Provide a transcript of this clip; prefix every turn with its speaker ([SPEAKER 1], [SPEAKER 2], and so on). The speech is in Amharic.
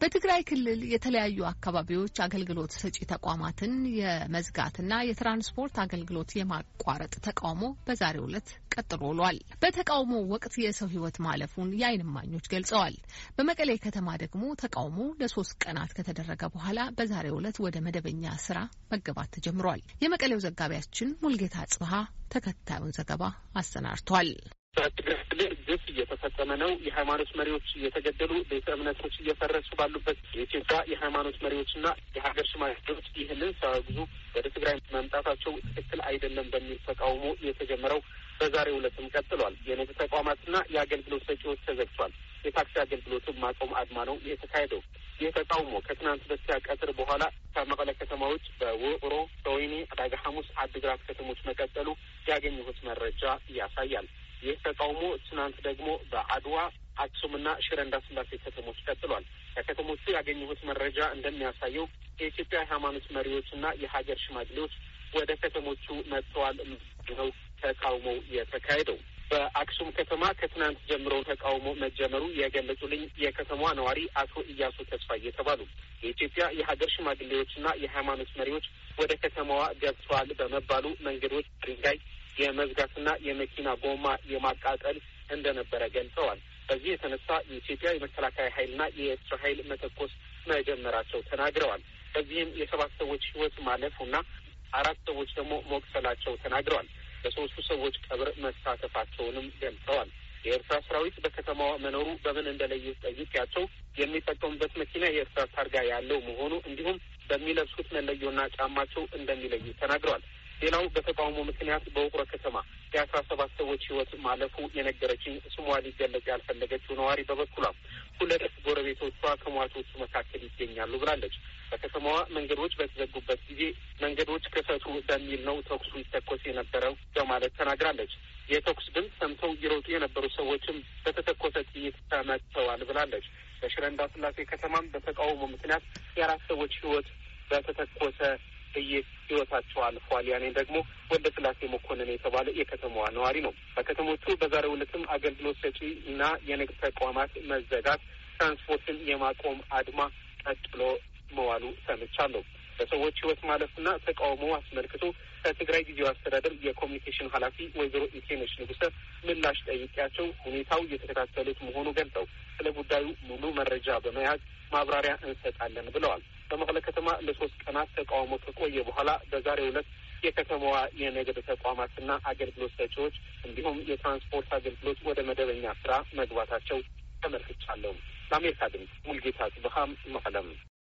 [SPEAKER 1] በትግራይ ክልል የተለያዩ አካባቢዎች አገልግሎት ሰጪ ተቋማትን የመዝጋትና የትራንስፖርት አገልግሎት የማቋረጥ ተቃውሞ በዛሬው ዕለት ቀጥሎ ውሏል። በተቃውሞ ወቅት የሰው ሕይወት ማለፉን የዓይን እማኞች ገልጸዋል። በመቀሌ ከተማ ደግሞ ተቃውሞ ለሶስት ቀናት ከተደረገ በኋላ በዛሬው ዕለት ወደ መደበኛ ስራ መገባት ተጀምሯል። የመቀሌው ዘጋቢያችን ሙልጌታ ጽብሀ ተከታዩን ዘገባ አሰናድቷል።
[SPEAKER 2] በትግራይ ክልል ግፍ እየተፈጸመ ነው። የሃይማኖት መሪዎች እየተገደሉ፣ ቤተ እምነቶች እየፈረሱ ባሉበት የኢትዮጵያ የሃይማኖት መሪዎችና የሀገር ሽማግሌዎች ይህንን ሲያወግዙ ወደ ትግራይ መምጣታቸው ትክክል አይደለም በሚል ተቃውሞ የተጀመረው በዛሬው ዕለትም ቀጥሏል። የንግድ ተቋማትና የአገልግሎት ሰጪዎች ተዘግቷል። የታክሲ አገልግሎትን ማቆም አድማ ነው የተካሄደው። ይህ ተቃውሞ ከትናንት በስቲያ ቀትር በኋላ ከመቀለ ከተማዎች በውቅሮ፣ ሰወይኒ፣ አዳጋ ሐሙስ፣ አድግራት ከተሞች መቀጠሉ ያገኘሁት መረጃ ያሳያል። ይህ ተቃውሞ ትናንት ደግሞ በአድዋ አክሱምና ሽረ እንዳስላሴ ከተሞች ቀጥሏል። ከከተሞቹ ያገኘሁት መረጃ እንደሚያሳየው የኢትዮጵያ ሃይማኖት መሪዎችና የሀገር ሽማግሌዎች ወደ ከተሞቹ መጥተዋል ነው ተቃውሞው የተካሄደው። በአክሱም ከተማ ከትናንት ጀምሮ ተቃውሞ መጀመሩ የገለጹልኝ የከተማዋ ነዋሪ አቶ እያሱ ተስፋ እየተባሉ የኢትዮጵያ የሀገር ሽማግሌዎችና የሃይማኖት መሪዎች ወደ ከተማዋ ገብተዋል በመባሉ መንገዶች ድንጋይ የመዝጋትና የመኪና ጎማ የማቃጠል እንደነበረ ገልጸዋል። በዚህ የተነሳ የኢትዮጵያ የመከላከያ ኃይልና የኤርትራ ኃይል መተኮስ መጀመራቸው ተናግረዋል። በዚህም የሰባት ሰዎች ሕይወት ማለፉና አራት ሰዎች ደግሞ መቁሰላቸው ተናግረዋል። በሶስቱ ሰዎች ቀብር መሳተፋቸውንም ገልጸዋል። የኤርትራ ሰራዊት በከተማዋ መኖሩ በምን እንደለየ ጠይቄያቸው የሚጠቀሙበት መኪና የኤርትራ ታርጋ ያለው መሆኑ እንዲሁም በሚለብሱት መለዮና ጫማቸው እንደሚለዩ ተናግረዋል። ሌላው በተቃውሞ ምክንያት በውቁረ ከተማ የአስራ ሰባት ሰዎች ህይወት ማለፉ የነገረችኝ ስሟ ሊገለጽ ያልፈለገችው ነዋሪ በበኩሏም ሁለት ጎረቤቶቿ ከሟቾቹ መካከል ይገኛሉ ብላለች። በከተማዋ መንገዶች በተዘጉበት ጊዜ መንገዶች ክፈቱ በሚል ነው ተኩሱ ይተኮስ የነበረው በማለት ተናግራለች። የተኩስ ድምፅ ሰምተው ይሮጡ የነበሩ ሰዎችም በተተኮሰ ጥይት ተመተዋል ብላለች። በሽረ እንዳስላሴ ከተማም በተቃውሞ ምክንያት የአራት ሰዎች ህይወት በተተኮሰ በጥይት ህይወታቸው አልፏል። ያኔ ደግሞ ወደ ስላሴ መኮንን የተባለ የከተማዋ ነዋሪ ነው። በከተሞቹ በዛሬው ዕለትም አገልግሎት ሰጪ እና የንግድ ተቋማት መዘጋት፣ ትራንስፖርትን የማቆም አድማ ቀጥሎ መዋሉ ሰምቻለሁ። በሰዎች ህይወት ማለፍና ተቃውሞ አስመልክቶ ከትግራይ ጊዜው አስተዳደር የኮሚኒኬሽን ኃላፊ ወይዘሮ ኢቴነሽ ንጉሰ ምላሽ ጠይቄያቸው ሁኔታው እየተከታተሉት መሆኑ ገልጸው ስለ ጉዳዩ ሙሉ መረጃ በመያዝ ማብራሪያ እንሰጣለን ብለዋል። በመቀለ ከተማ ለሶስት ቀናት ተቃውሞ ከቆየ በኋላ በዛሬው ዕለት የከተማዋ የንግድ ተቋማትና አገልግሎት ሰጪዎች እንዲሁም የትራንስፖርት አገልግሎት ወደ መደበኛ ስራ መግባታቸው ተመልክቻለሁ። ለአሜሪካ ድምፅ ሙልጌታ ጽብሃም መቀለም